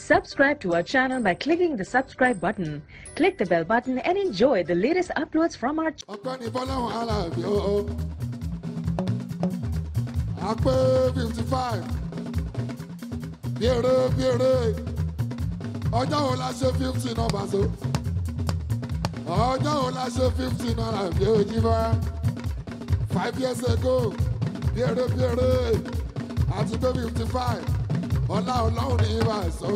Subscribe to our channel by clicking the subscribe button. Click the bell button and enjoy the latest uploads from our channel. fifty five. Bíèrè bíèrè. Ọjọ́ wo la ṣe Five years ago. Bíèrè bíèrè. Àti pé fifty five. ọlá ọlọ́run ní ìwà sọ.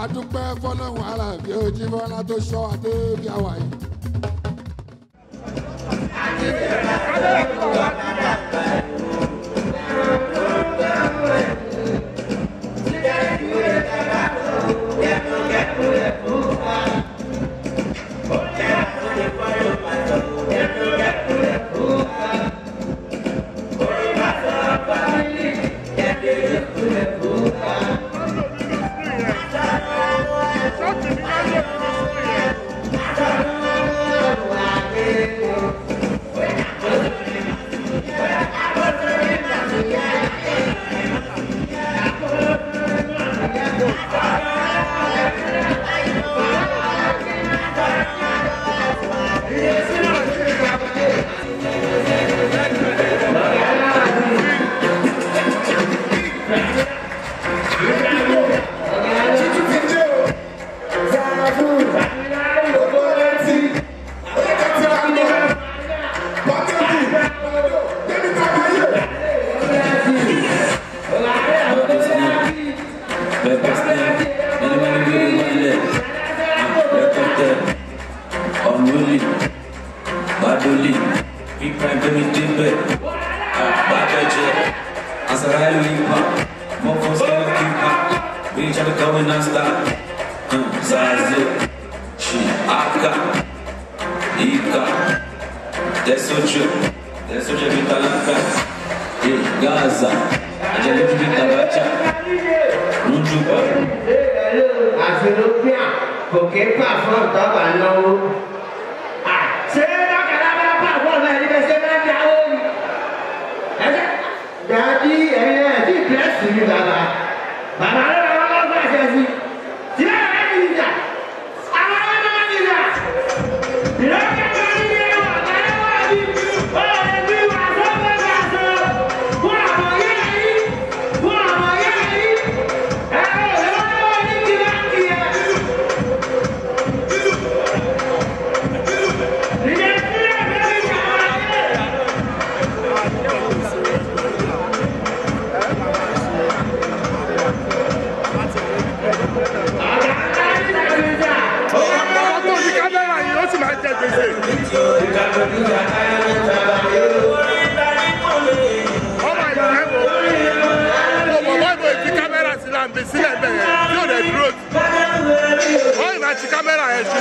àdúpẹ́ fọlọ́run alábí ojú bọ́lá tó ṣọ́ adé bí àwa yìí. àti ìrẹ̀lẹ̀ kọ́lẹ́kọ̀ọ́ àti Sarai Lipa, Mofos Kipa, Bitch, I'm going non-stop. Zazu, Aka, Ika, Desuchu, Desuchu Vitalanka, Gaza, Angelique Vitalacha, Nunchuba. Àfi ló pín à, kò ké pàfọ́ tọ́ba náwó. rí ẹ̀yẹ ẹ̀ tí ìpẹ́sì mi dáadáa. Esse câmera é esse.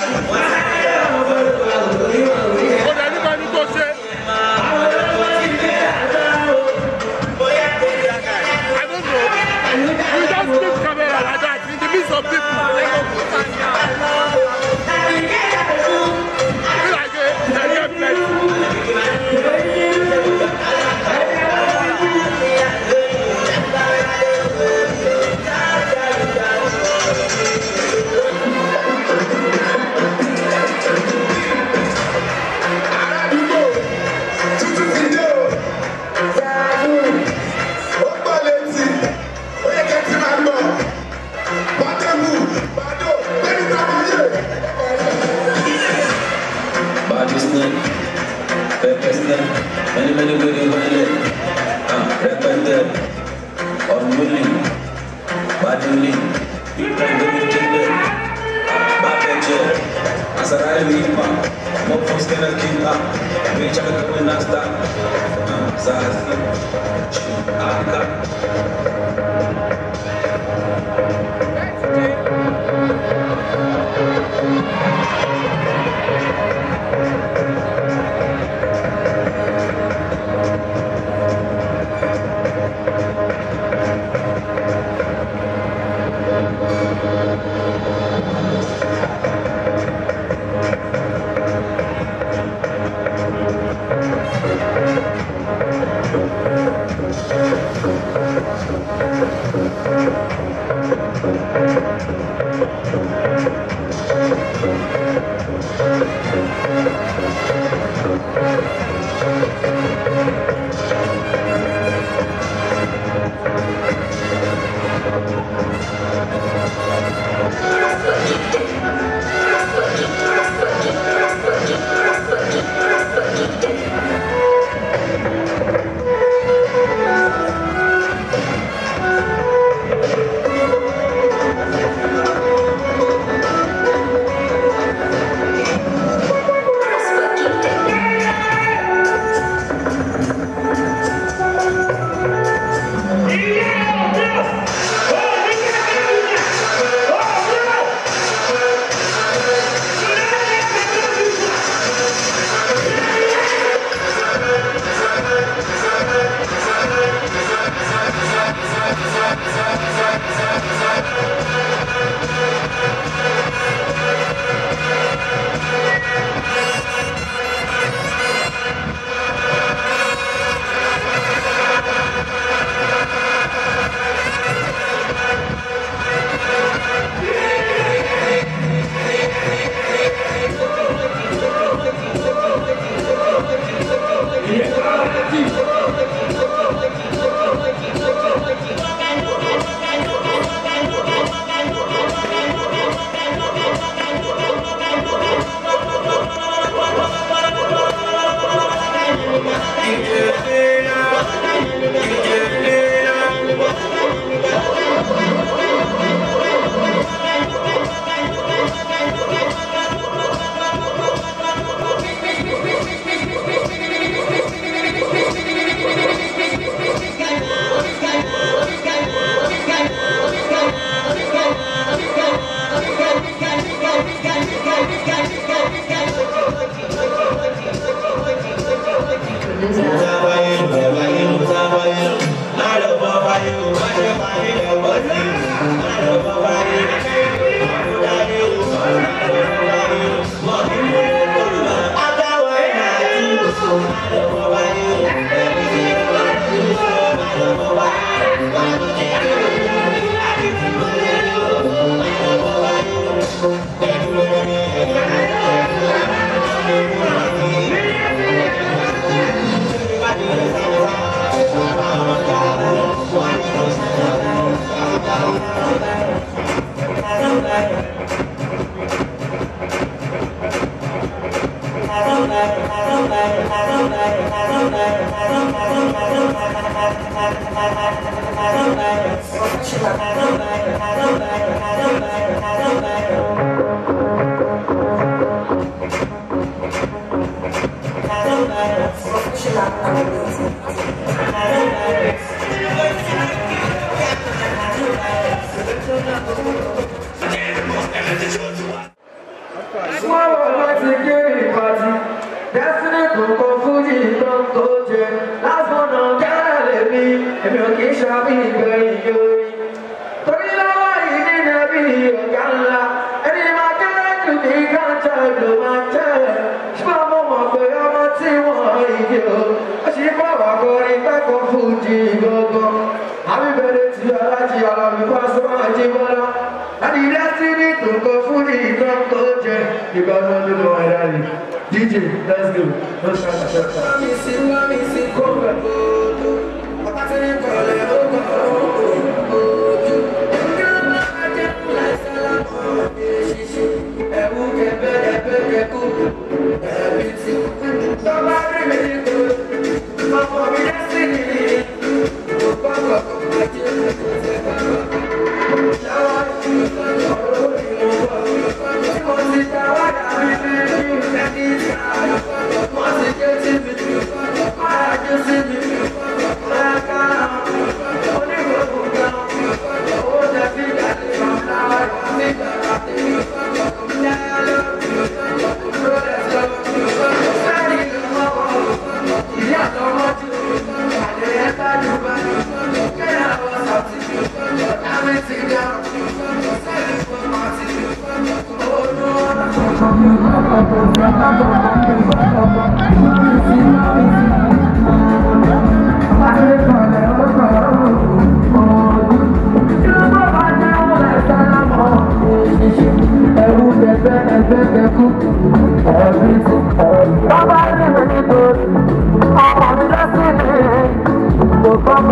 Thank you.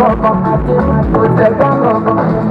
kankan kò tẹ̀ kankan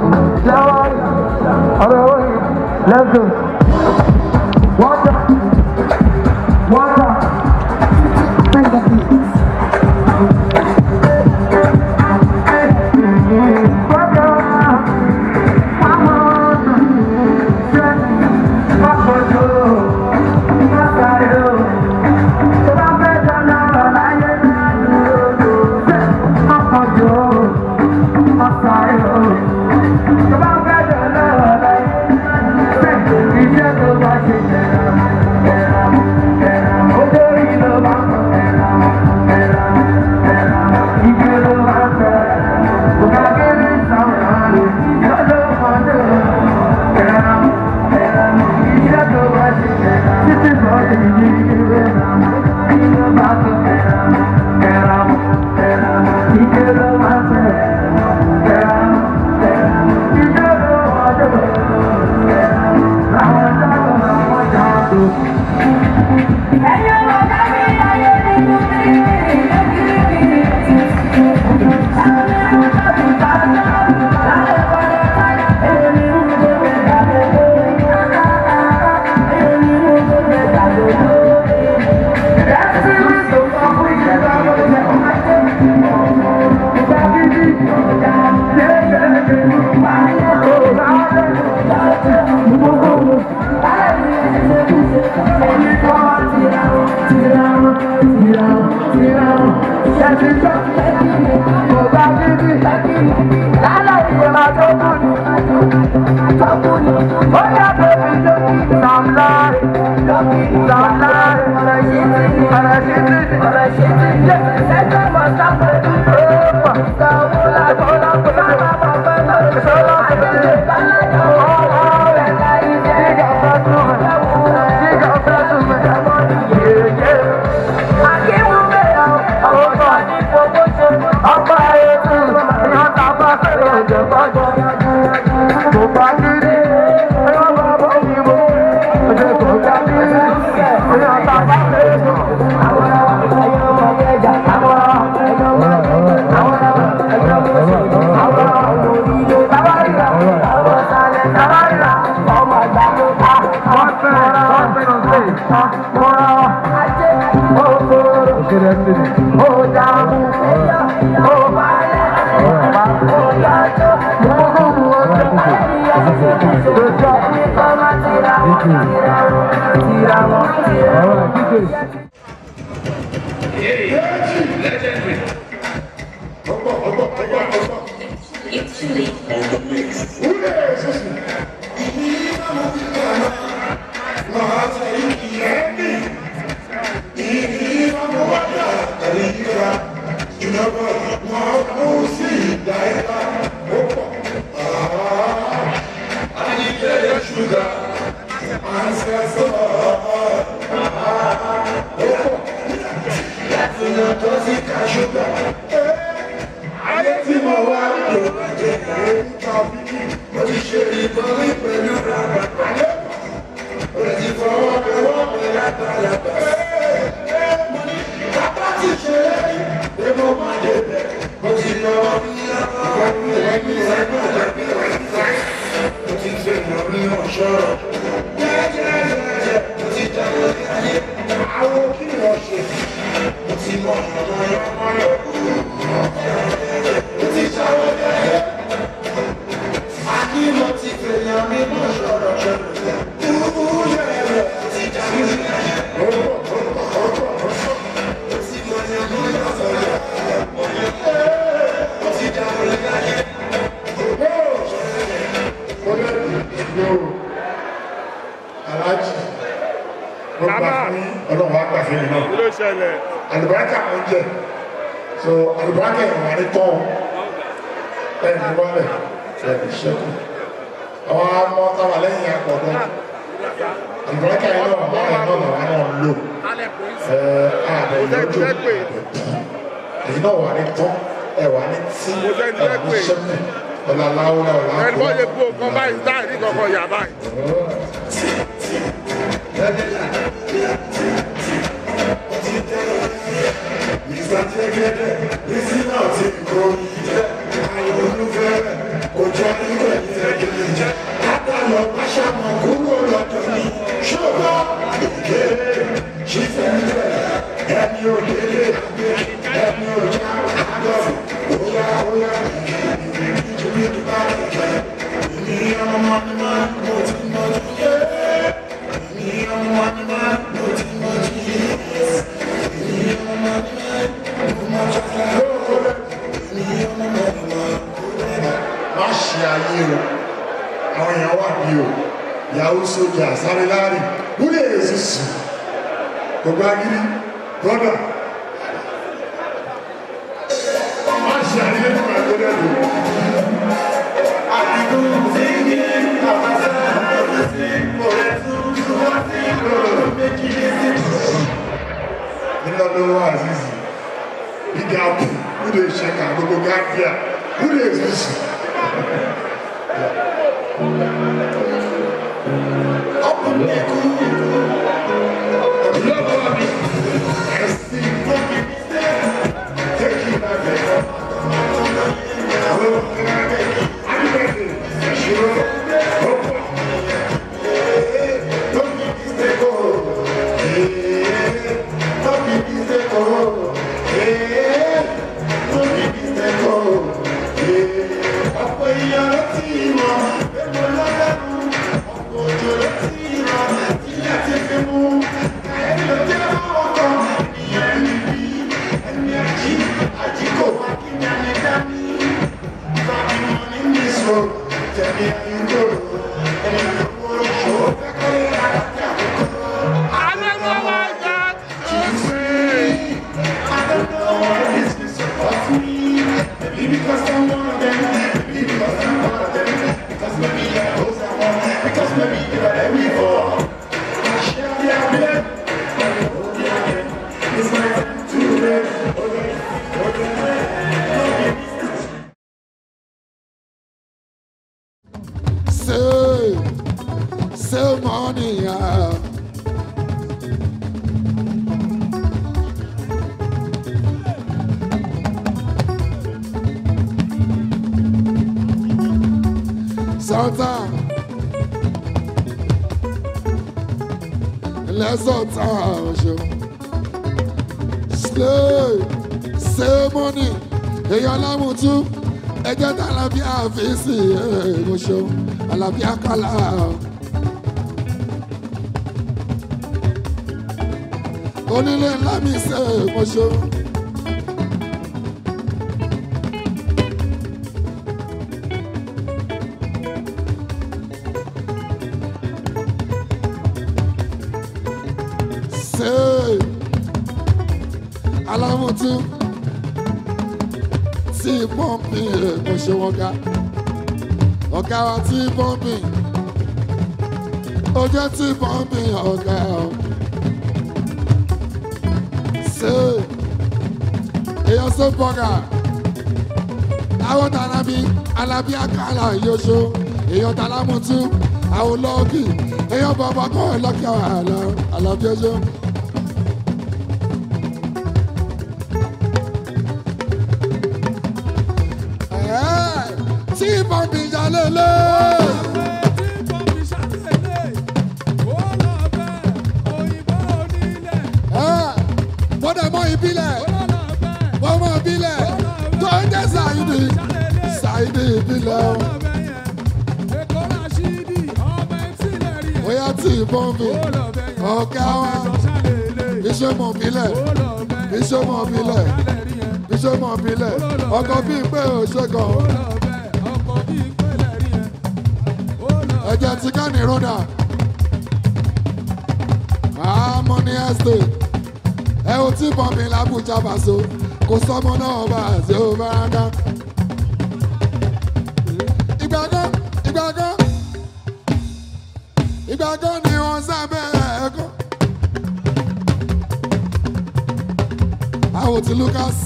bọ́lẹ̀ ṣẹ̀bí ṣẹ́kù àwọn ọmọ táwa lẹ́yìn àpọ̀dọ́ àlùbọ́lẹ́kà yìí náà wà láwọn náà wà náà lò ààbẹ̀ lójú èyí náà wà ní tán ẹ̀wà ní tí ẹ̀wà ṣẹ́kù ọ̀là láwùlà ọ̀là àpò. ẹ̀gbọ́n lè bu ọkọ̀ báyìí dáàrí kankan yà báyìí. Mr. Jẹ́gẹ́dẹ́, listen out, it's going to be olùfẹ́ you jẹ́ nígbà ìfẹ́ kìíní. Kádàlọ́ Báṣámọ̀ kúrò lọ́dọ̀ ni ṣọ́gbọ́ òkè àsáré láàrin wúlò èsì sí gbogbo agídí brọ́dà àlàáfíà kálá. onílé ńlá mi ṣe mo ṣeun. alámùtú tí pọ́ǹpì rẹ̀ mo ṣe wọ́n ká ọ̀gá wa tí pọ́ǹpì ó jẹ́ tí pọ́ǹpì ọ̀gá o. ṣé èèyàn ṣe bọ́gà àwọn tànàbí alábíàkàlà yóṣó èèyàn tàlámùtú àwọn lọ́ọ̀kì èèyàn bọ́bọ́ kọ́ ẹ̀ lọ́kì àwọn àlọ́ àlọ́ bí ó ṣe. mọ̀dà mọ̀ ìbílẹ̀ wọ́n mọ̀ ìbílẹ̀ tó ń jẹ́ Saidi Saidi ìbílẹ̀ o. bóyá tí ìbọn mi ọ̀gá wa iṣẹ́ mọ̀ ìbílẹ̀ iṣẹ́ mọ̀ ìbílẹ̀ iṣẹ́ mọ̀ ìbílẹ̀ ọkọ̀ bíi pé òṣèkọ̀. ẹ̀jẹ̀ ti kẹ́ni rọ́dà harmony estate ẹ ò tí bọ̀ mi lábújá bàṣọ kò sọmọ náà bá àṣẹ ò bá rán dá. ìgbàgán ìgbàgán ìgbàgán ni wọ́n sábẹ́ ẹ̀kọ́. àwọn ti Lucas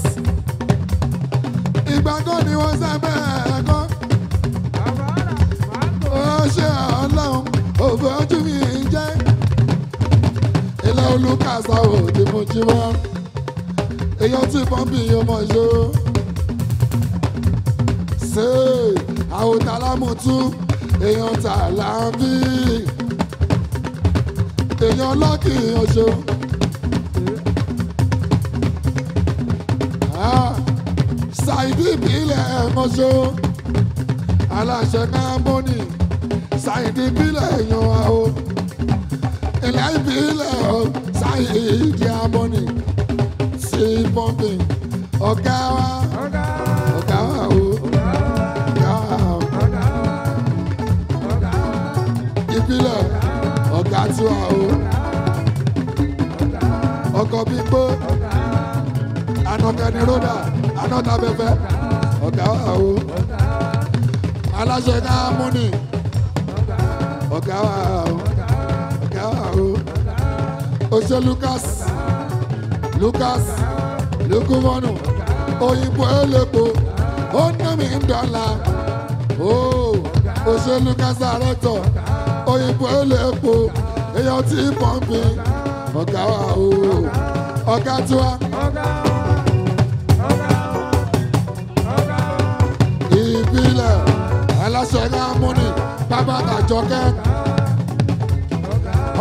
ìgbàgán ni wọ́n sábẹ́ ẹ̀kọ́. ojú mi ń jẹ́ ilé olùkàsá òde mo jí wá èèyàn tí pọ́ǹpì yóò mọ̀ yó ṣe àwòtà lámùtú èèyàn tà láàbí èèyàn lọ́kì ọ̀ṣọ́. Ah, ṣàìdí ìbílẹ̀ ẹ̀mọ́ṣọ́ aláṣẹ káàmọ́nì. Saheed ìbílẹ̀ èèyàn wa o ilẹ̀ ìbílẹ̀ o Saheed Abọ́ni sí pọ́ǹpì ọ̀gá wa ọ̀gá wa o ọ̀gá wa ìbílẹ̀ ọ̀gá tiwa o ọkọ̀ bí gbó anọkẹ́ni rọ́dà anọ́tàbẹ̀fẹ́ ọ̀gá wa o aláṣẹ ká múni. ọ̀gá wa ọ̀gá wa o ó ṣe Lucas Lucas lukumọnu òyìnbó elépo ó ná mi ń dọ́là oh, Lucas àrẹ́tọ̀ òyìnbó elépo èèyàn tí pọ́ǹpì ọ̀gá wa o oh, ọ̀gá tiwa. ìbílẹ̀ aláṣẹ ká múni bàbá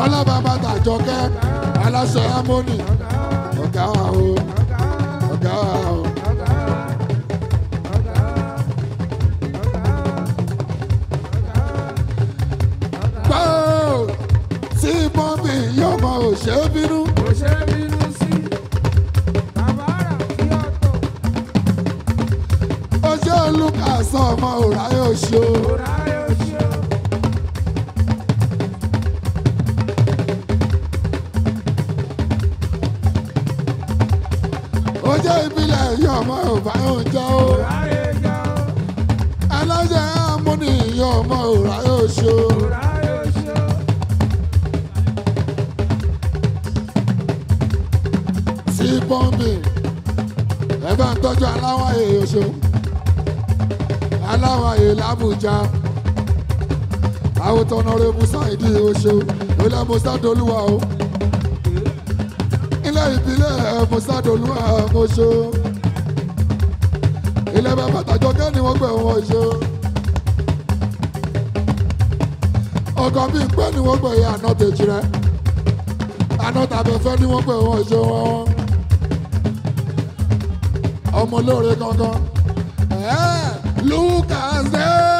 ọlọ́bàbà tàjọkẹ́ aláṣẹ amóni ọ̀gá wa o ọ̀gá wa o. tí bọ́m̀bì yóò mọ òṣè bínú. òṣè bínú sí bàbára kí ọ̀tọ̀. ó ṣe olùkàsán ọmọ òráyè òṣè o. gómìnà ìpínlẹ̀ mùsàdùnú àmọ́ṣó ilé bàbá tàjọkẹ́ ni wọ́n gbẹ̀ wọ́n ṣó ọkọ̀ mi pẹ́ ni wọ́n gbẹ̀ yẹ àná tèjì àná tàbẹ̀fẹ́ ni wọ́n gbẹ̀ wọ́n ṣó wọn ọmọ olóore kankan ẹ̀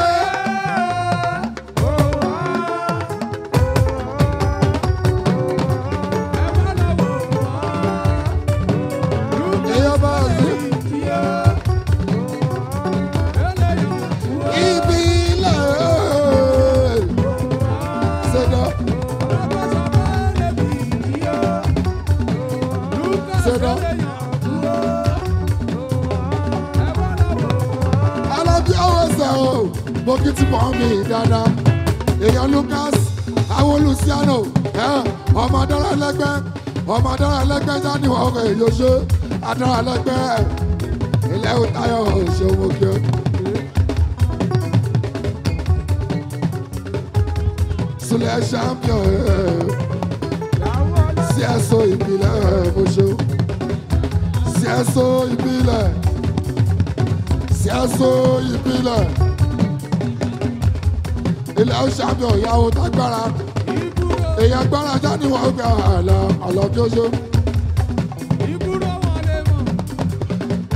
ti mọ̀ mí dáadáa èèyàn Lucas awolusiano ọmọ adára lẹ́gbẹ́ ọmọ adára lẹ́gbẹ́ jáníwá ọkọ̀ èyíṣẹ́ adára lẹ́gbẹ́ ilẹ̀ òtayọ̀ ṣòwò kí Sule champion CSO ìbílẹ̀ Mosho CSO ìbílẹ̀ CSO ìbílẹ̀ ilẹ̀ ọ̀sẹ̀ àbẹ̀ òyàwó tágbára èèyàn gbára jáde wà ó gbà àlọ́ àlọ́ tí ó ṣe.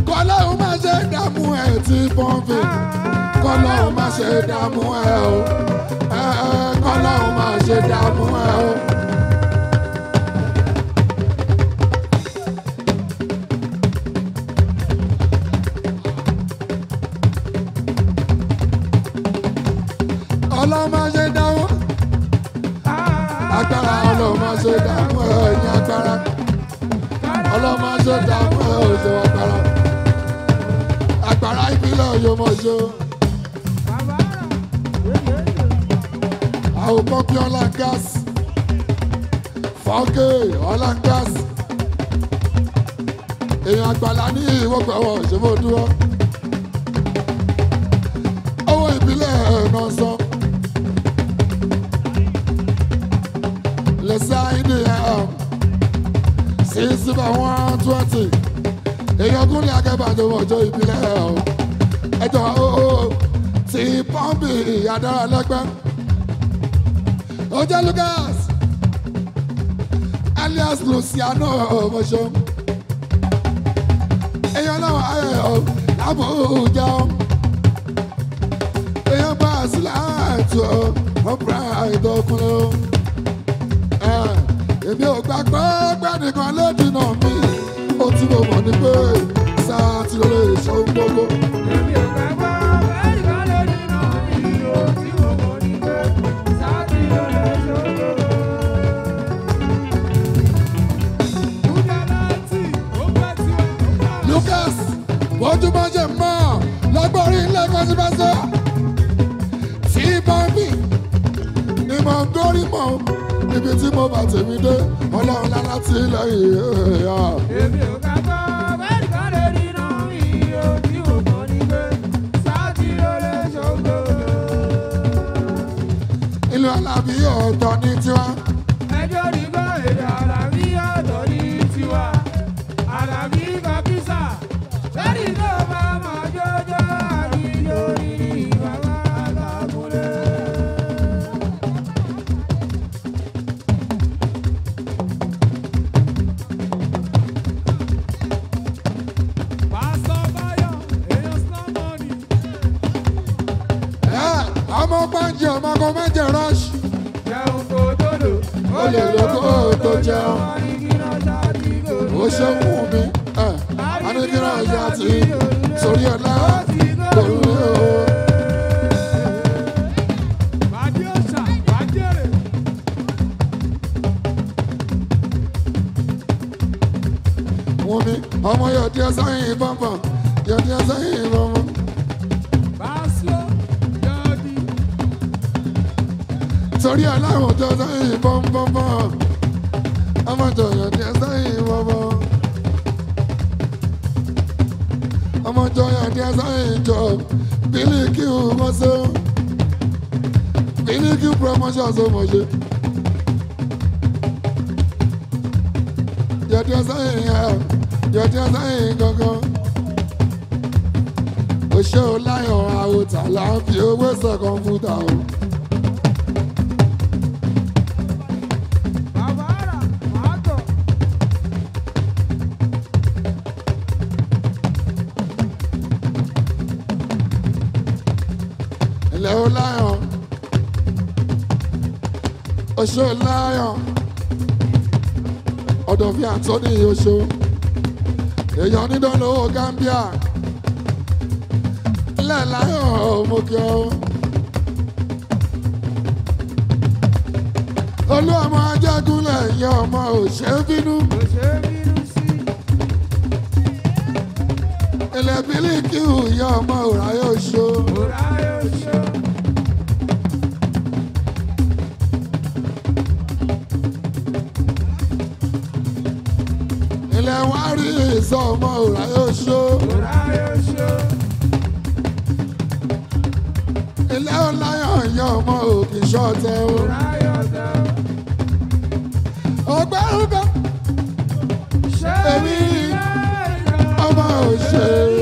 kọ́lá ṣe dààmú ẹ̀ tí pọ́ǹpì kọ́lá ò má ṣe dààmú ẹ̀ o kọ́lá ò má ṣe dààmú ẹ̀ o. ló mọ jó. àwòkọ́ kí ọlá gáàsì fọ́ọ̀kì ọlá gáàsì èèyàn àgbàlá ní ìwọ́gbọ̀wọ̀ ìṣòwò dúró owó ìbílẹ̀ náà sọ. lẹ́sẹ̀ ìdí ẹ̀ sí um, síbẹ̀ one twenty èèyàn gúnlẹ̀ akẹ́bàdàn ọjọ́ ìbílẹ̀ ẹ̀ um. o ẹjọ́ ooo ti pọ́ǹpì àdára lẹ́gbẹ́. ó jẹ́ Lucas alias Luciano ọmọṣọ́ èèyàn láwọn ayọ̀ ọ̀ lábòójà ọ̀ èèyàn bá a sílẹ̀ àti ọ̀ ọ̀pọ̀ra ìdọ̀kùnrin ọ̀ èmi ò gbàgbọ́ gbẹ́nìkan lẹ́dínà mi ó ti mọ̀ ní pé sáà tí ló lè ṣe ohun gbogbo. bá jẹ mọ́ lágbórí ilé kọ́síbáṣọ́ tí bá mi ni mo ń dórí mọ́ ibi tí mo bá tèmi dé ọlọ́run lára ti lẹ́yìn ẹ̀yà. èmi ò alábí ọ̀tọ̀ ní tiwa. ọmọ pàǹjẹ ọmọ kan mẹ́jẹ rush. jẹun kò tó lò ó lè lò kó tó jẹun. ó ṣe ń wù mí anigina ọjà tí sórí ọlá kò o. wọ́n mi ọmọ yọ̀dí ẹ̀sán yìí bọ̀m̀bọ̀m yọ̀dí ẹ̀sán yìí bọ̀m̀bọ̀m. torí aláwọ̀ ọjọ́ sẹ́yìn bọ́ńbọ́ńbọ́ ọmọjọyọ̀ ní sẹ́yìn bọ́bọ́ ọmọjọyọ̀ ní sẹ́yìn jọ bílíkì mọ́sẹ́ bílíkì promotion ṣe mọ̀ṣẹ́. yọ̀dí sẹ́yìn yẹ yọ̀dí sẹ́yìn gangan òṣèlú láyọ̀ àwòtà láǹfi owó sọ kọ̀ǹpútà o. ọṣọ láyọ̀ ọ̀dọ̀fin àtọ́ni oṣù èèyàn onídọ́nà owó Gambia lẹ́ẹ̀láyọ̀ ọmọkẹ́ ọ. olú ọmọ ajagunlẹ̀ yan ọmọ òṣèbínú. ilẹ̀ bílíkì yan ọmọ òráyọ̀ ṣó. sọ ọmọ òrà yóò ṣó. òrà yóò ṣó. ilé ọláyọ̀ yan ọmọ òkè ṣọ́ọ̀tẹ̀ o. òrà o. ọgbẹ́ rúbẹ́. ṣé èmi ọmọ òṣèré.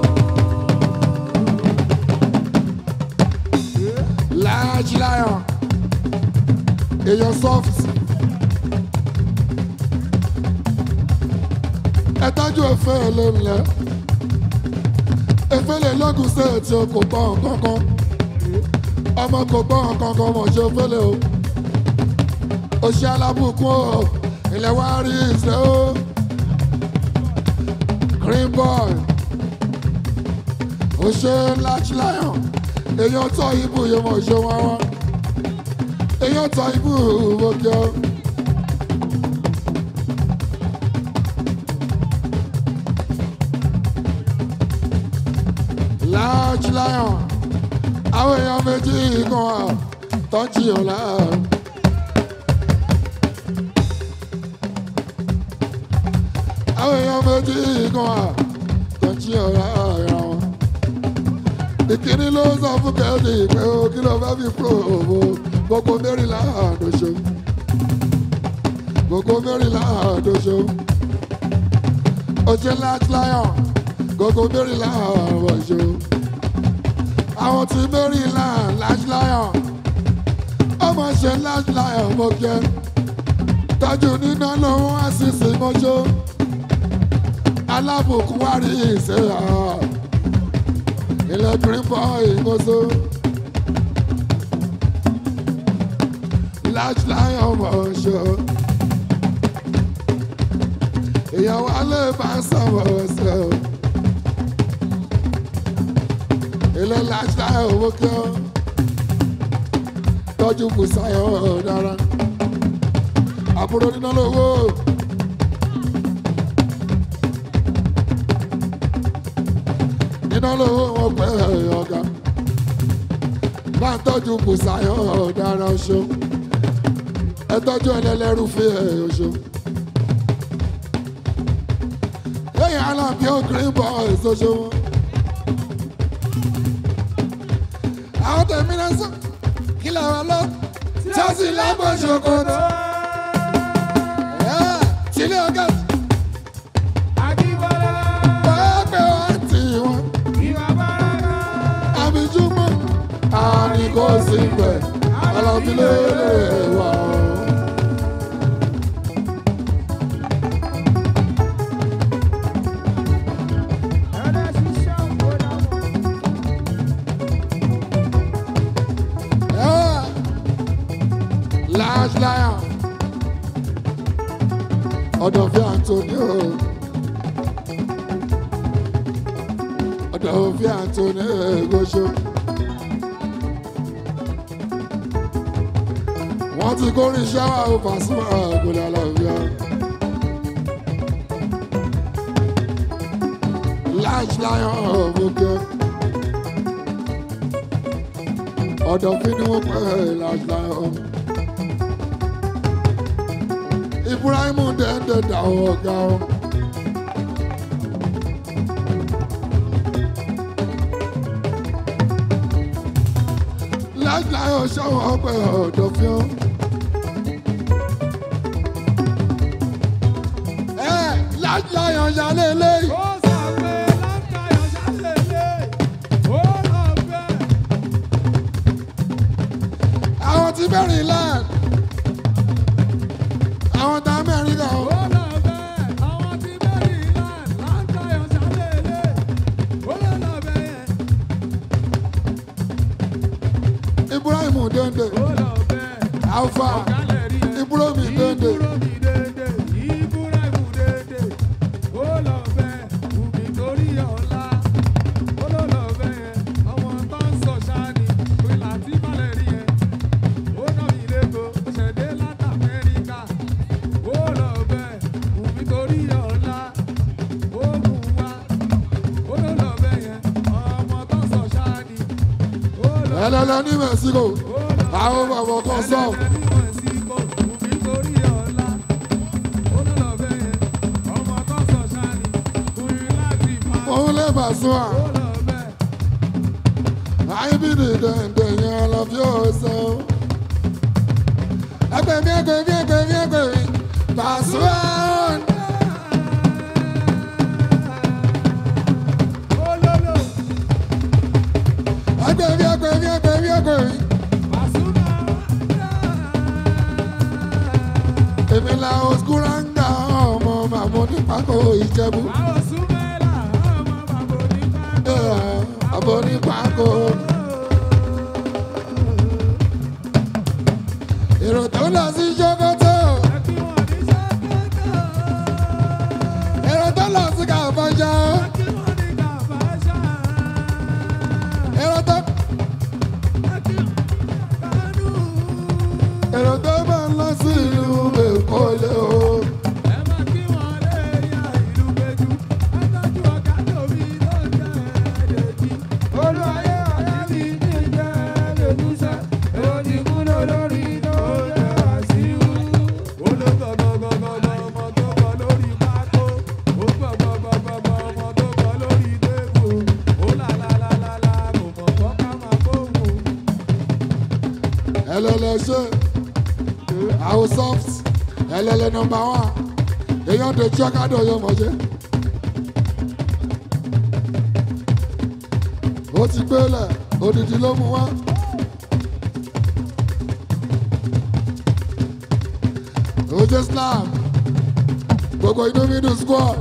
èèyàn soft. ẹ tọ́jú efe èlé ńlẹ̀ efe lè lọ́gùn sí ètò kò gbọ́ nǹkan kan ọmọ kò gbọ́ nǹkan kan mọ̀ ṣe fele o òṣì alábùkún o ilẹ̀ wa rí ìṣe o green boy òṣè large lion èèyàn tó ibùyẹ̀mọ̀ ṣe wọ́n wọ́n èèyàn ta ibú òkè ọ. Large lion àwọn èèyàn méjì kan wà tó ń jiyàn láàrú. àwọn èèyàn méjì kan wà tó ń jiyàn láàrú ìkíní ló sọ fún kẹ́hìndé pé o kí ló fẹ́ fi provoke gbogbo mẹ́rìnlá àdóso gbogbo mẹ́rìnlá àdóso ọjọ́ láti láyọ̀ gbogbo mẹ́rìnlá àwọ̀ṣọ àwọn tí mẹ́rìnlá láti láyọ̀ ọmọ ṣe láti láyọ̀ mo jẹ tájú níná lòun àṣìṣe mọ́ṣọ́ alábùkún wárí ìṣe àá ilẹ̀ green boy mọ́ṣọ́. lion láti láyé ọmọ ọṣọ. èèyàn wá lè bá sọ̀rọ̀ ọ̀sẹ̀ o. èlé láti láyé owó kí ó tọ́jú bùsáyọ̀ dára. àbúrò nínú lówó. nínú lówó wọn pẹ́ ọ̀gá. bá tọ́jú bùsáyọ̀ dára ṣó ẹ tọ́jú ẹlẹ́lẹ́rú fi ẹ̀ oṣù. lẹ́yìn alábí ó green boys oṣù wọn. àwọn tèmi náà sọ kí làwọn lọ tẹ́sí lábọ̀ ṣòkòtò. sílé ọ̀gá tí. àní kò sí pẹ̀ alábílẹ̀ lè wà ó. o. ọ̀dọ̀ òfin àtúnú ẹ̀gọ́ṣọ́. wọ́n ti kórìí ṣáwá o Pasuma àgùlà lọ́fíà. láti láyọ̀ ọ̀bùkẹ́. ọ̀dọ̀ fi ni wọ́n pẹ́ láti láyọ̀ ọ̀bùkẹ́. Ibrahim dẹ́ndẹ̀ dà ọ̀gá o. láìláì ọ̀ṣọ́ ọ̀pẹ̀ ọ̀dọ̀fín. ọlọ ní Mexico àwọn bàbá kan sọ. òun lè bà sún à. àyíbìdì dẹ̀ǹdẹ̀ yẹn ọlọ́fí ọ̀sẹ̀ o. ẹgbẹ̀mí ẹgbẹ̀mí ẹgbẹ̀mí ẹgbẹ̀mí bà sún à. gbé yìí. èmi la oskuranga ọmọ màmú nípa kò ìjẹ̀bú. àbọ̀ nípa pako. Ero tó lọ sí ṣọ́kọ́. wọlé o ẹlẹ́lẹ́ nọmba wá èèyàn tó tí ọ̀kadà ọ̀yọ́ mọ̀jẹ́. o ti gbélé odidi ló mú wá. ojú Islam gbogbo inú mi dùn squad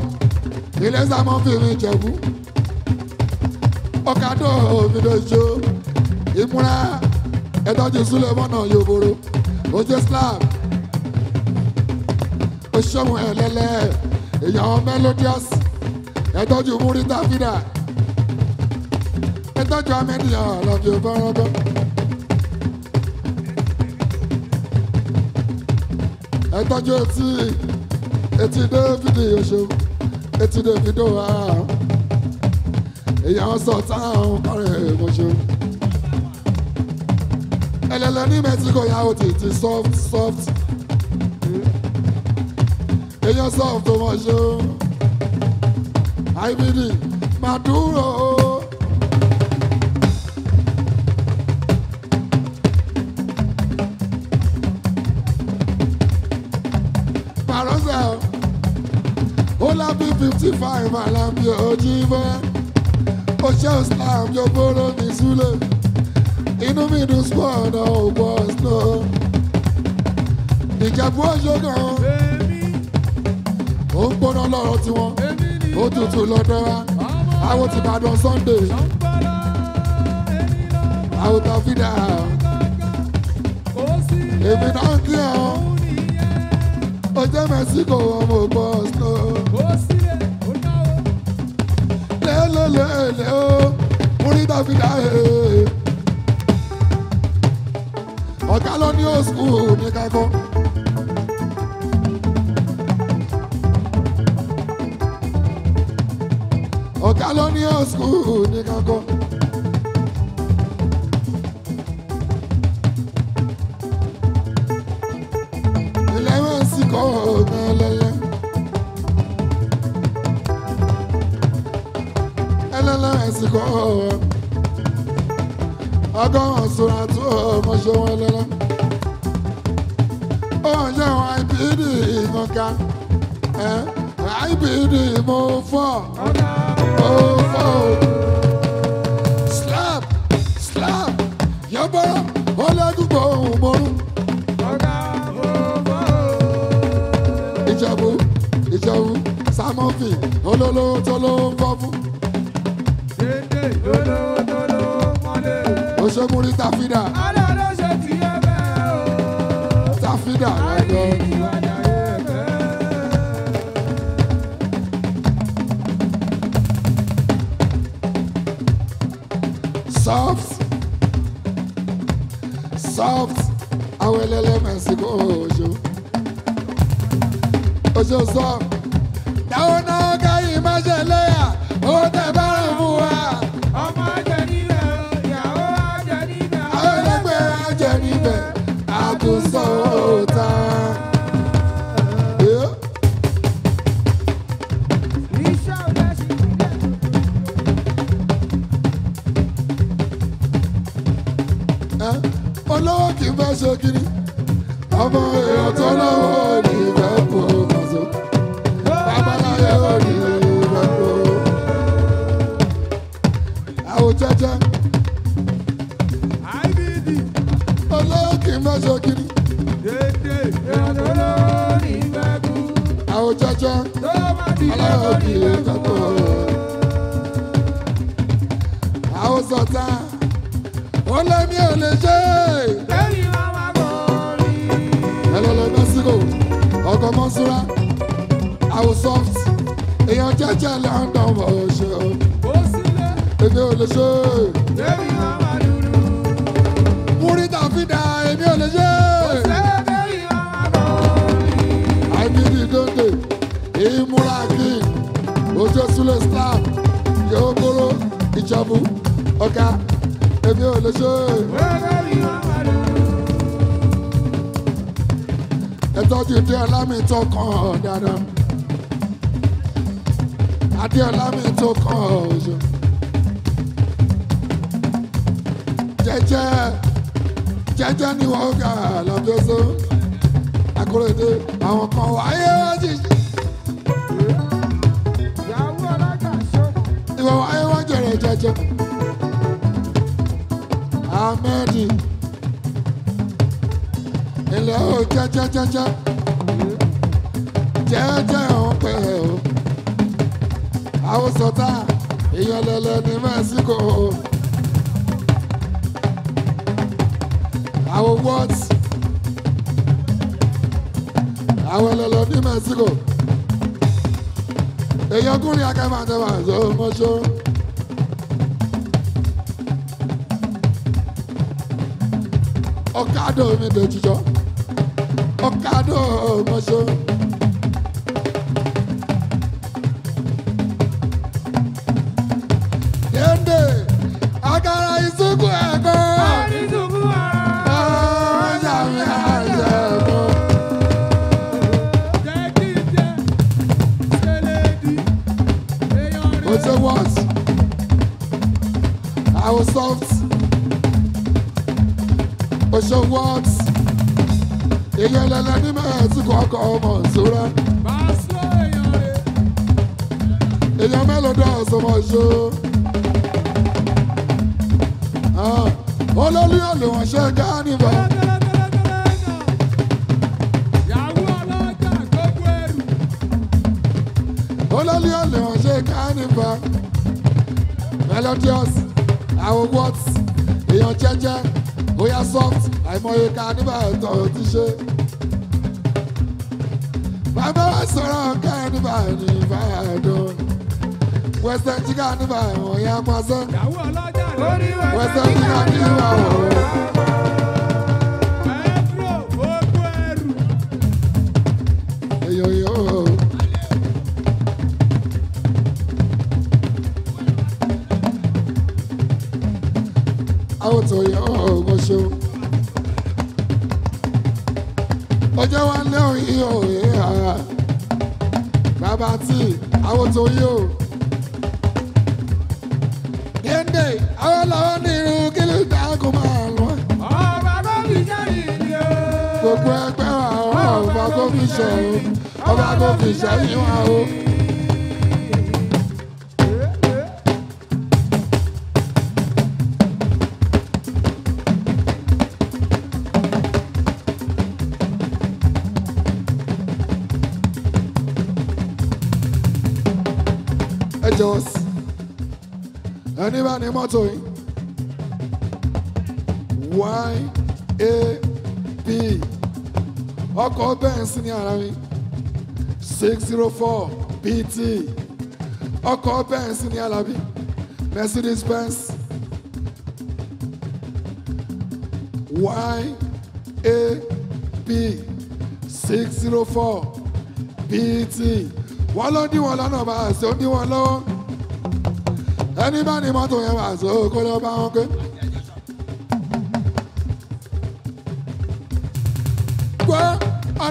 ilé sàmọ́ fi mi jẹ̀bú ọ̀kadà òmìnirò ìmúra ẹ̀tọ́jú súlẹ̀ mọ́nà yòbòrò ojú Islam ṣeun ẹ̀lẹ́lẹ́ èèyàn melodious ẹ̀tọ́jú múrítà fídà ẹ̀tọ́jú amẹ́niyàn àlọ́jọ́ bọ́rọ́bọ́. ẹ̀tọ́jú etí etí dẹ́fídì oṣù etí dẹ́fídì wà èèyàn sọ táwọn ọ̀rẹ́ oṣù ẹlẹ́lẹ́ ní mẹ́síkò yà ó ti ti soft soft myself to my show. I mean Maduro. Marosa, Ola be 55, I love you, Ojiva. Ocean slam, your borrow is Zulu. Inú mi dùn spọ́n náà ò gbọ́ snow. Ìjẹ̀bú ọ̀ṣọ́gàn ó ń gbóná lọ́rọ̀ tiwọn ó tutù lọ́dọ̀ wa àwọn ti Ìbàdàn Sunday àwọn tó fi dà èmi náà ń kí ọ ó jẹ́ Mexico ọmọ ògbọ́ ọ̀sán. lélẹ̀lẹ̀ o múrí tàbí dá e. ọ̀gá lọ ní òsùn ní kakọ́. Colonial School ní kankan. go. wọn sì kọ́ ọ̀gbẹ́lẹ́lẹ́. ẹlẹ́lẹ́ go. kọ́ ọgọ́rùn-ún sọ̀rọ̀ tó ọmọṣẹ́ wọn lẹ́lẹ́. ó ń jẹ́ wọn IPD ìmọ̀ká ẹ̀ IPD ìmọ̀ fọ́ mọ́fì olólówó tó lówó ń fọ́ fún. Dédé olówó tó lówó mọ́lé. Oṣomúrí Tafida. Alẹ́ ló ṣe tiẹ̀ bẹ́ẹ̀ o. Tafida lọ́dọ̀. Ayé know. àwọn what àwọn ẹlẹ́lọ ní Mexico èyí ọkùnrin akẹ́fà àtẹ̀wà ṣó mọ́ṣó. ọ̀kadà omi dòjijọ́ ọ̀kadà mọ́ṣó. ọkọ ọmọ ìṣúra. èèyàn mélòó dá ọ̀sọ̀mọ̀ ṣó. Ah, olólù olùwọ̀nṣẹ́ kánífà. olólù olùwọ̀nṣẹ́ kánífà. melodious àwọn words èèyàn jẹ́jẹ́ ó yá soft àìmọye kánífà ẹ̀tọ́ ti ṣe sọ̀rọ̀ ọ̀gá ẹni báyìí ní ìfàyàjọ́ western chicken ní báyìí wọ̀nyí apasọ́ western chicken ní báyìí wọ̀nyí apasọ́. ọba kò fi ṣe o ọba kò fi ṣe yíwá o. ẹni bá ní mọ́tò yìí Y A P ọkọ̀ Benz ní ara mi six zero four bt ọkọ̀ Benz ní Alábí Mercedes Benz P six zero four PT. wọ́n ló dín wọn lọ́nà bá a ṣe ó dín wọn lọ́wọ́ ẹni bá ní mọ́tò yẹn bá a ṣe ó kó lọ́ọ́ bá wọn pé.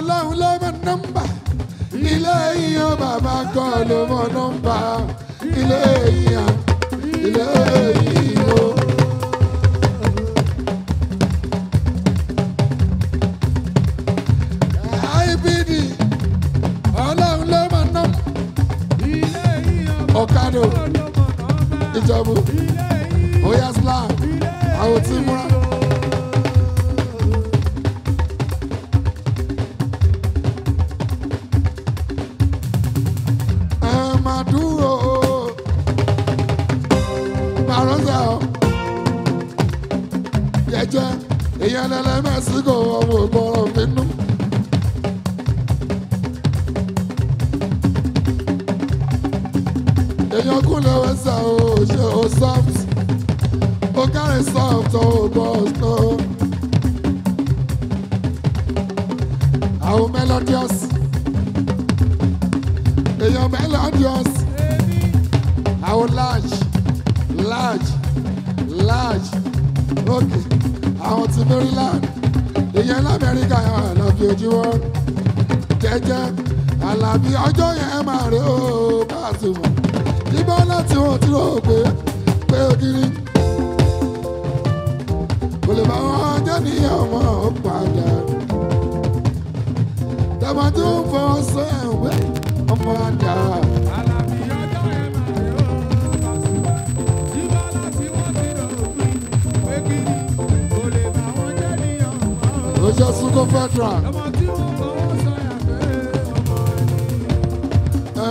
ọlọ́run ló mọ nọ́mbà ilé yíyan bàbá kan ló mọ nọ́mbà ilé yíyan ilé yíyan. I want large, large, large. Okay, àwọn ti Maryland. Ìyẹn l'Amẹ́ríkà yẹn àlàbí ojúmọ́. Jẹ́jẹ́ àlàbí ọjọ́ yẹn máa rí ooo bá a ti mọ̀. Ibọ́ láti wọ́n tí ó pé pé ògiri. Kò lè bá wọn ọjọ́ níyàn wọn ó padà. Tẹ̀mọ́tò ń fọwọ́ sọ ẹ̀wẹ́ ọmọ àdá. jẹ́ Sunko Federal. ẹ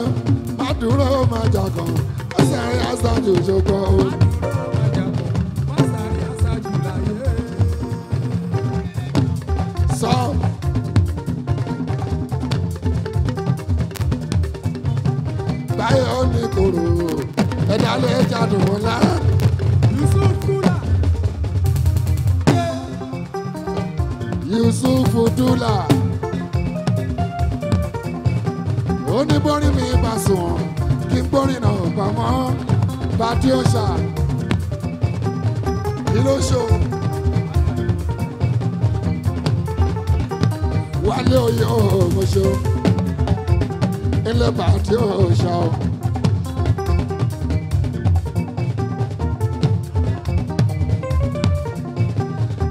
má dúró má jàgàn ẹsẹ̀ rí aṣáájú ìṣòkò. sọ. báyọ̀ ní kòrò ẹ̀dá ló ń jàdùn wọn lára. fudula. ó ní mi bá sùn kí n gbórí náà pamọ́ bá tí ó wálé oyè ó mo ṣó ilé bá tí ó ṣà ó.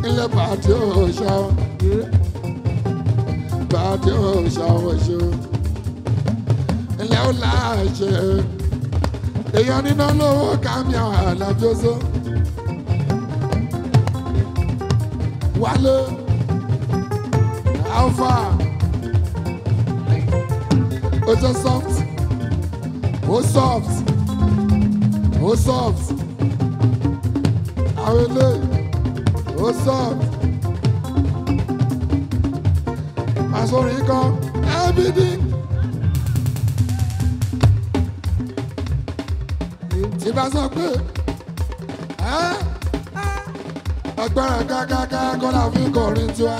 ilé bá tí ó ṣàwọ̀ṣe ilẹ̀ ó láàṣẹ èèyàn níná lówó kàmí àlàjọsọ wálé alfa ojú soft ó soft ó soft àwọn eléyìí ó soft. Asorin kan gidi. tí bá sọ pé agbára kákáká kọ́lá fi kọrin tiwa.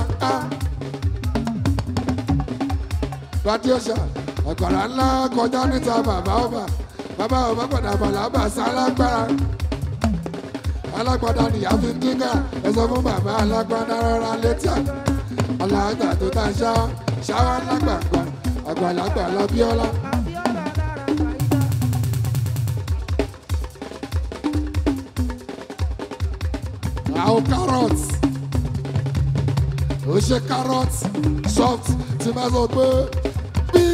Bàtí ọ̀ṣà àgbàrá ńlá kọjá níta bàbá ọba bàbá ọba padà bàlábà sá lágbára alágbádá nìyá fi ń dínkà ẹ sọ fún bàbá alágbádá rárá létí àgbà alágbà tó tá a ṣáwá ṣáwá lágbàgbọ́ àgbàlagbà l'Abíọ́lá. àwọn carrots ó ṣe carrots soft tí máa sọ pé bí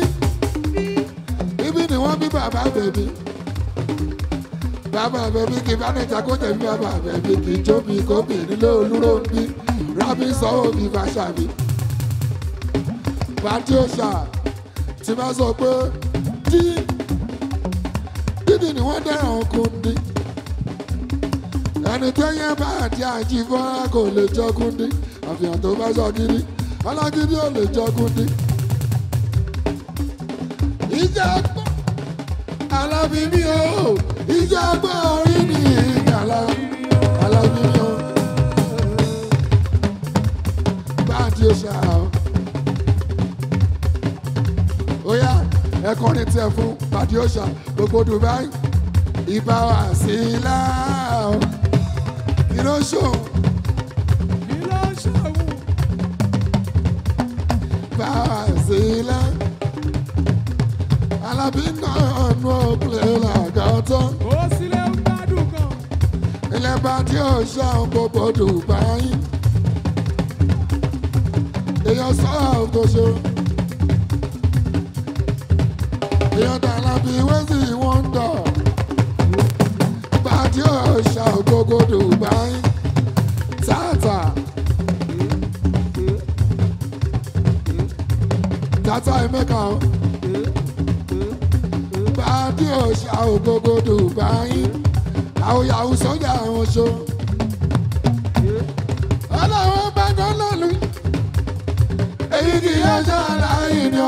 ibi ni wọ́n bí bàbá bèbí bàbá bèbí kì í bá nìjà kó tẹ̀mí bàbá bèbí kì í jóbi kó bì nílé olúró ń bí rábí sọ́wọ́ bí bàṣà bí. Bàtí ó ṣáà tí bá sọ pé dí dídì ni wọ́n dára ọkùn dí ẹni tó yẹ bá àti àjí fọ́nrá kò lè jọkùn dí àfihàn tó bá sọ gidi alágídí ò lè jọkùn dí. ìjà gbọ́ alábìbí o ìjà gbọ́ orí ni ìgbàlá alábìbí o bá a ti ṣe àwọn. ẹkọrin tiẹ̀ fún pàdé òòṣà gbogbo Dubai ìbá wa sí i láàárọ̀ kí ló ṣòwò. kí ló ṣòwò. bá wa sí i lá. alábí náà ó sílẹ̀ ń gbádùn kan. ilé pàdé òòṣà gbogbo Dubai. èèyàn sọ́ọ̀ tó ṣe. ọ̀kadà lábí wẹ́sì wọ́n ń dọ̀. Gbàdí ọ̀ṣà ògógódò báyìí. Tààtà. Tààtà Emeka o. Gbàdí ọ̀ṣà ògógódò báyìí. Àwọn yàwù sọ́jà àwọn ṣo. Ọlọ́run bá gbọ́ lọ́lù. Èyí kì í yọ ṣáà láàyè ni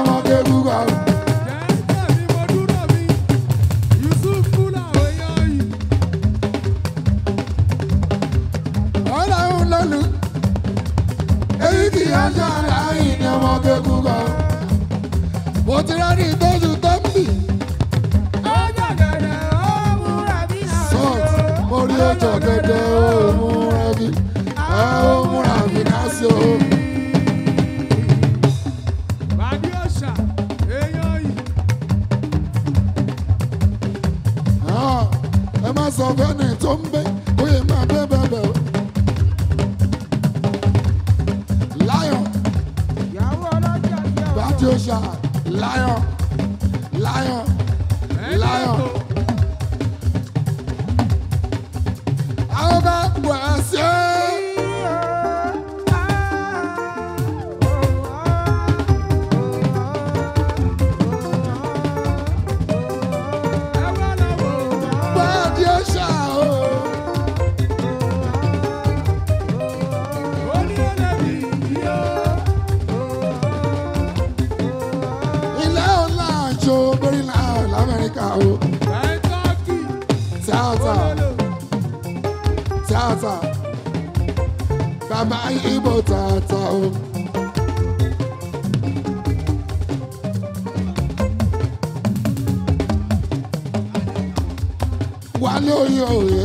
lórí òye.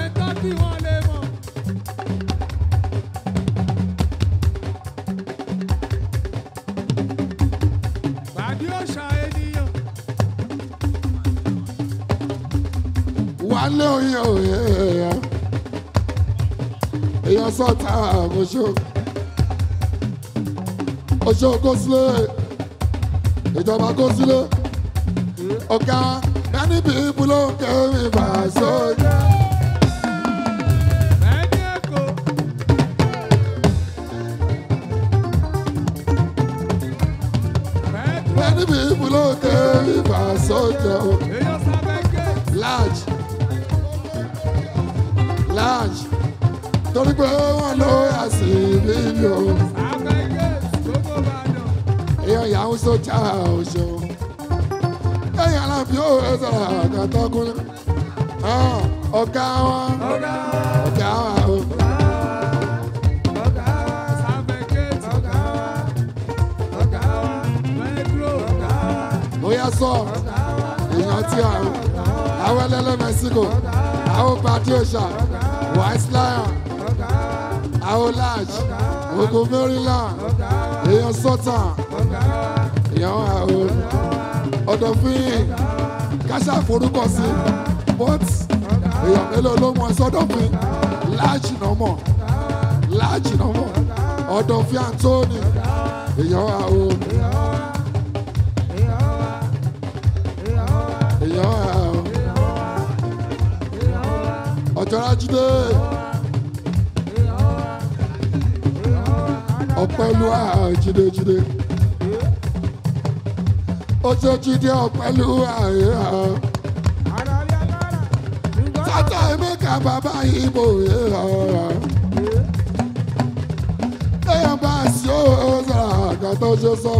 ẹ̀ka tí wọ́n lè mọ̀. gbàdí òòṣà ènìyàn. wà lórí òye. èèyàn sọ̀tà àmúṣó. oṣù kó sílé ìjọba kó sílé ọ̀gá. Okay. Many people don't care me for Many people don't care me for soldier. Large. Large. Torí pé wọ́n lọ àṣì mi lò. Èèyàn ìyàwó sójà ọ̀ṣọ́ alábí ó ẹsẹ̀rẹ̀ àgàtọ́gún ọ̀gá wa ọ̀gá wa o. bóyá sọ èèyàn tí a o àwọn ẹlẹ́lẹ́ mẹ́síkò àwọn patriosha wise lion àwọn large ogun maryland èèyàn sọ́tà èèyàn àwọn ọ̀dọ̀fín kasa forúkọ sí but èèyàn mélòó ló mọ sọ́dọ̀fín láàjì náà mọ̀ láàjì náà mọ̀ ọ̀dọ̀fín Anthony èèyàn àwò èèyàn àwò ọjọ́ ajídé ọpẹ́ lu àjídéjídé. Ojojídé Ọpẹ́lúwà ìhàn. Tata Emeka Baba, Ibo ìhàn. Èèyàn bá sí ó sọ̀rọ̀ àgbà tó ṣe sọ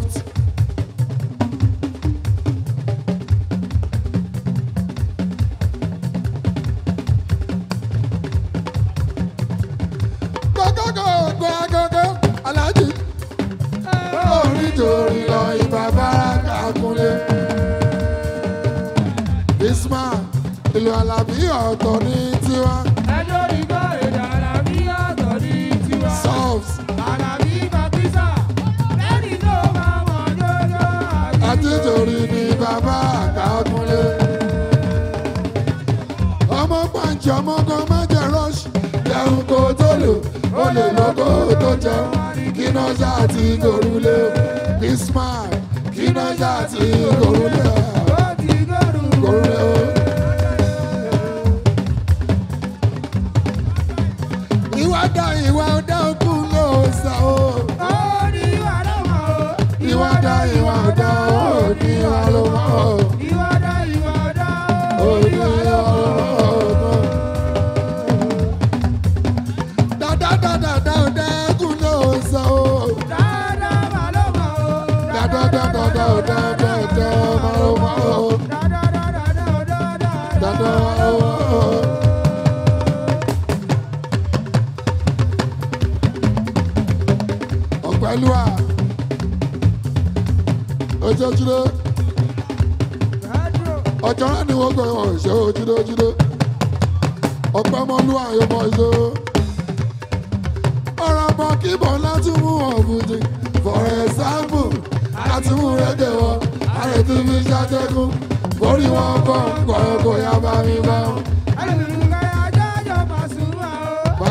jọ kí náà ṣáà ti gòrúlé o Ismail kí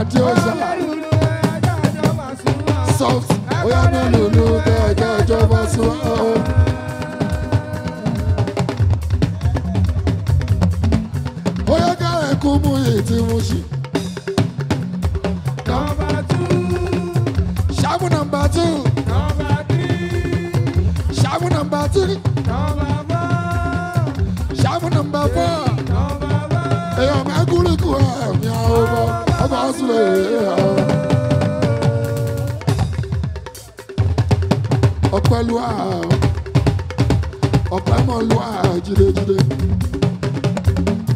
tí ó ṣá. soft bóyá ní lùlù kẹ̀kẹ́ ìjọba sùn ọ́. bóyá kẹ́rẹ̀ kú mú èyí tí mo ṣe. nọ́mbà tù. ṣàmù nọ́mbà tù. nọ́mbà tírì. ṣàmù nọ́mbà tírì. nọ́mbà fọ́. ṣàmù nọ́mbà fọ́. nọ́mbà fọ́. èèyàn máa kúrú kú ẹ̀mí àwọn ọmọ abasule ọpẹ́ lua ọpẹ́ mọ lua jìdejìde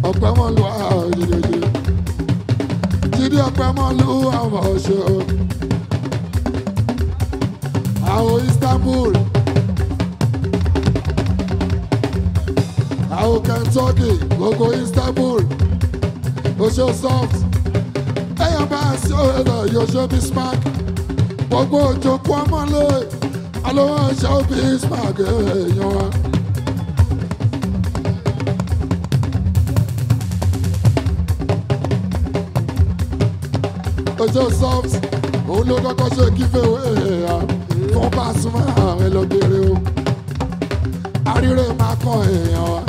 ọpẹ́ mọ lua jìdejìde jìde ọpẹ́ mọ lua ọmọ ọṣẹ o àwọ Istanbul àwọ Kentucky gbogbo Istanbul oṣù soft bá sí òrèlè yóò ṣe bí smack gbogbo òjòkú ọmọlé alówó ṣe ó bí smack èèyàn wa. ojú soft òun ló kọ́kọ́ ṣe giveaway ẹ̀yà fún Pasuma àwọn ẹlọ́gbẹ̀rẹ̀ o àríre máa kọ èèyàn wa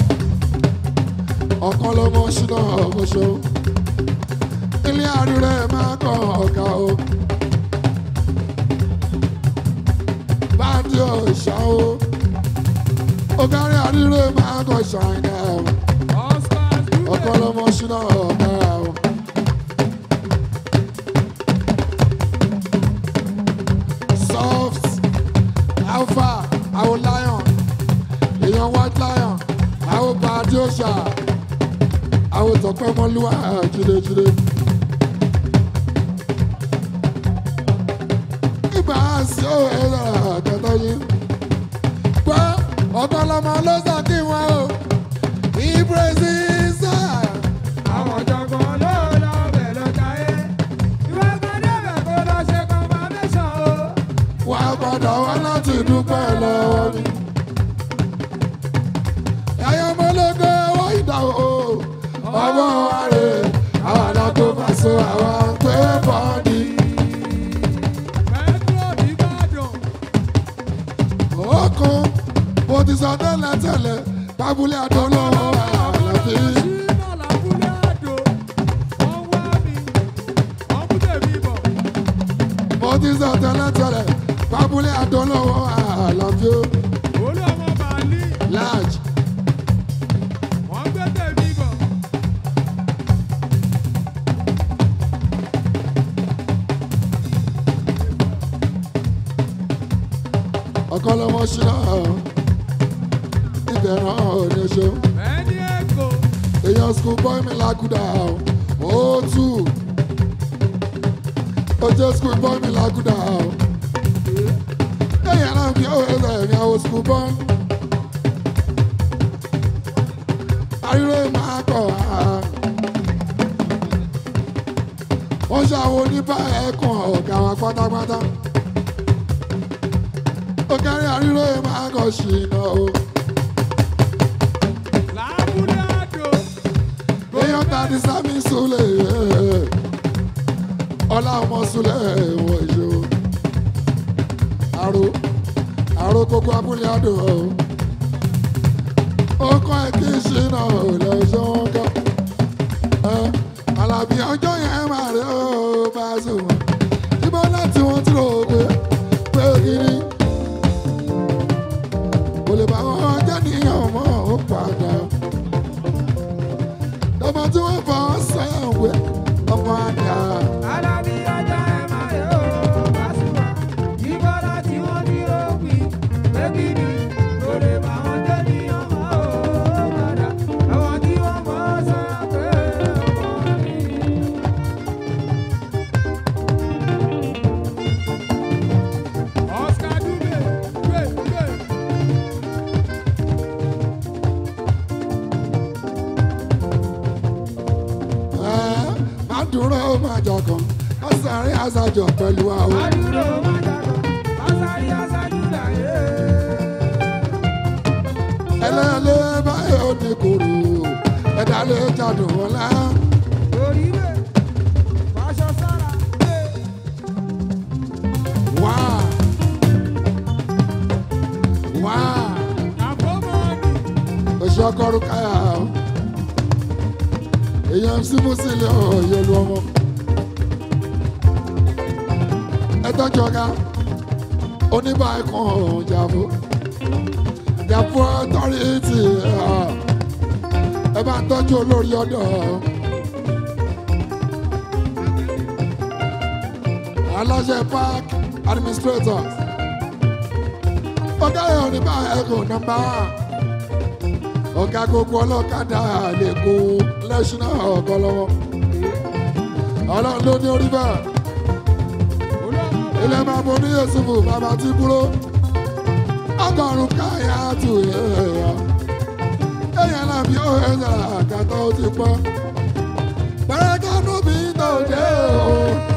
ọ̀kan ló mọ̀ ṣúná ọ̀gbọ̀ṣọ́ ní àrírẹ́ máa kọ̀ ọ̀gá o. Báńdì òòṣà o. Ọ̀gárí àrírẹ́ máa kọ̀ ṣàǹgà o. Ọ̀kọ́ lọ́mọ ṣúná ọ̀gá o. Soft alpha àwọn lion èèyàn white lion àwọn bàdí òòṣà àwọn tọpẹ́ mọ́lúwà jìdejìde. sí ọ̀rọ̀ àtọ̀tọ̀ yín. gbọ́ ọ̀tọ̀ lọmọ ló sọ kí wọ́n o ìbúrẹ́sì sọ. àwọn ọ̀jọ̀gbọ́n ló lọ bẹ̀ lọ káyé. ìwọ kan débẹ̀ kó lọ ṣe confirmation o. wàá padà wá láti dúpẹ́ lọ́wọ́ mi. ti sọ tẹ́lẹ̀ tẹ́lẹ̀ tábúlé àdó lọ́wọ́ àlàfi. mo ti sọ tẹ́lẹ̀ tẹ́lẹ̀ tábúlé àdó lọ́wọ́ school boy mi laguda o ẹ̀yìn aláwọ̀ mi ò ẹ̀rọ ẹ̀mí àwọn ko, boy. àríwé máa kọ̀ á. wọ́n ṣàwọn oníbà ẹ̀kọ́ ọ̀gá wa pátápátá. ó kárí àríwé máa kọ̀ na o. ọmọ jẹ́niyàn mọ́ ó padà. Dọ́mọ tí wọ́n fọ́ sáré àṣàjọ pẹ̀lú wa o. àdúró má dàgbà má sáré àṣàjù láyé. ẹlẹ́lẹ́ báyìí ó ní kòrò ẹ̀dá lè jàdùn ọ̀la. orí rẹ̀ fàṣọ sára lé. wá wá. àfọmọ́ọ̀dì. oṣù ọkọ̀ ọ̀rùn káyà o èèyàn símú sílẹ̀ ọ̀yọ́ lu ọmọ. tọ́jọ́gá oníbàákan jàfó jàfó tọ́rìtì ẹ bá ń tọ́jú olórí ọ̀dọ́. aláṣẹ park administrator ọ̀gá ẹ̀ oníbàákan nọ́mbà ọ̀gá gbogbo ọlọ́kadà lè kó lẹ́ṣinà ọ̀gọ́ lọ́wọ́ ọlọ́run ló ní orí bẹ́ẹ̀ ilẹ̀ máa bọ̀ ní Yusufu bàbá tí búrò ọgọ́rùn káyà tù yẹ̀yà èèyàn náà bí ó ẹ̀yà àgàtọ̀ ó ti pọ̀ pẹ̀lú kánú tó dé o.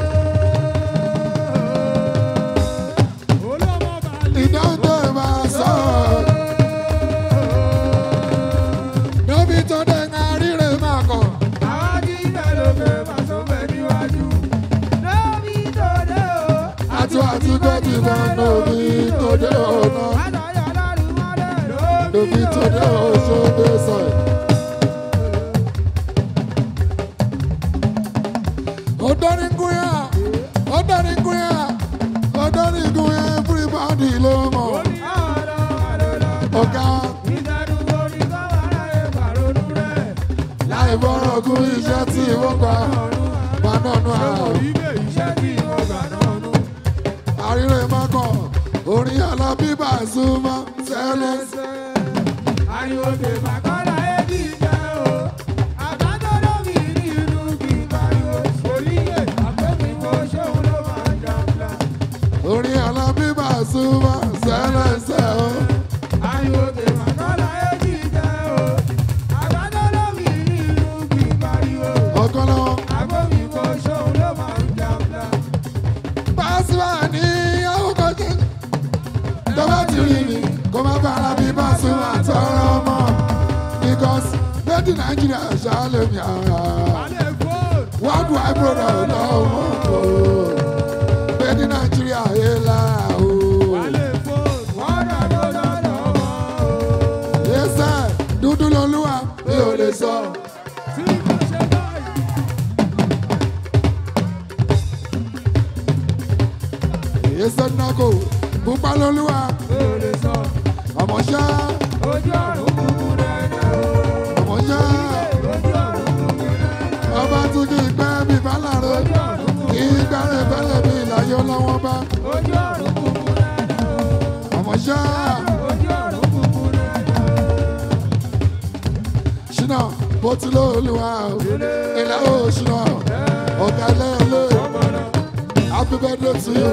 happy birthday to you.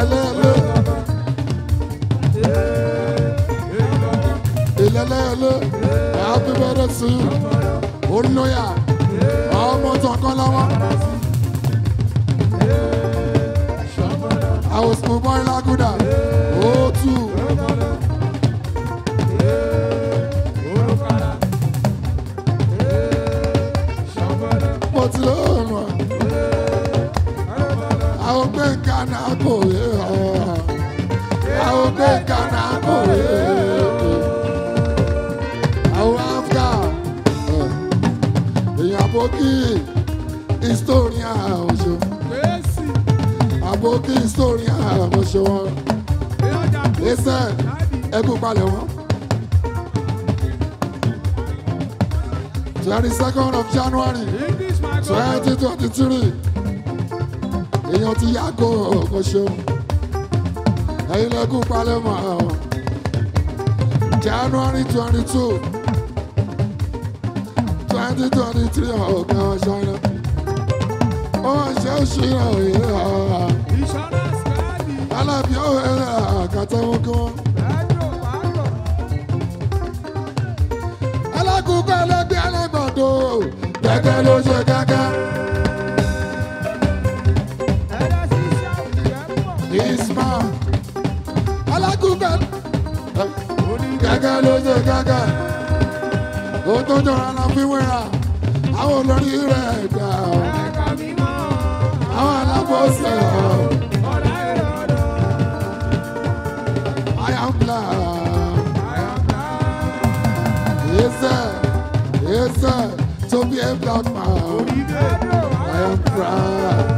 Ele ele. Ele ele ele. Happy birthday to you. Onoya. Ọmọ tó kán lọ́wọ́. I was born in Laguda. Oh, two. kí sórin àmọ́ ah, ṣe wọn. ẹsẹ̀ ẹkún palẹ̀ wọn. twenty second of January 2023. twenty three èèyàn ti yá kó ọkọ̀ ṣeun ẹ̀yin lẹ́kún palẹ̀ mọ́ January twenty two ọ̀gá ọ̀ṣọ́nà ó ṣe é ṣe tálàbí ó ẹ̀rẹ̀ àkàtà wọn kí wọ́n. alákòókò ẹlẹ́gbẹ́ alágbàdo gẹ́gẹ́ ló ṣe gẹ́gẹ́. isma alákòókò gẹ́gẹ́ ló ṣe gẹ́gẹ́. ó tó jọra la fi wéra àwọn olórí rẹ̀ dà. àwọn alábọ̀ọ́sẹ̀ ọ̀. myself to be a black man. I am proud.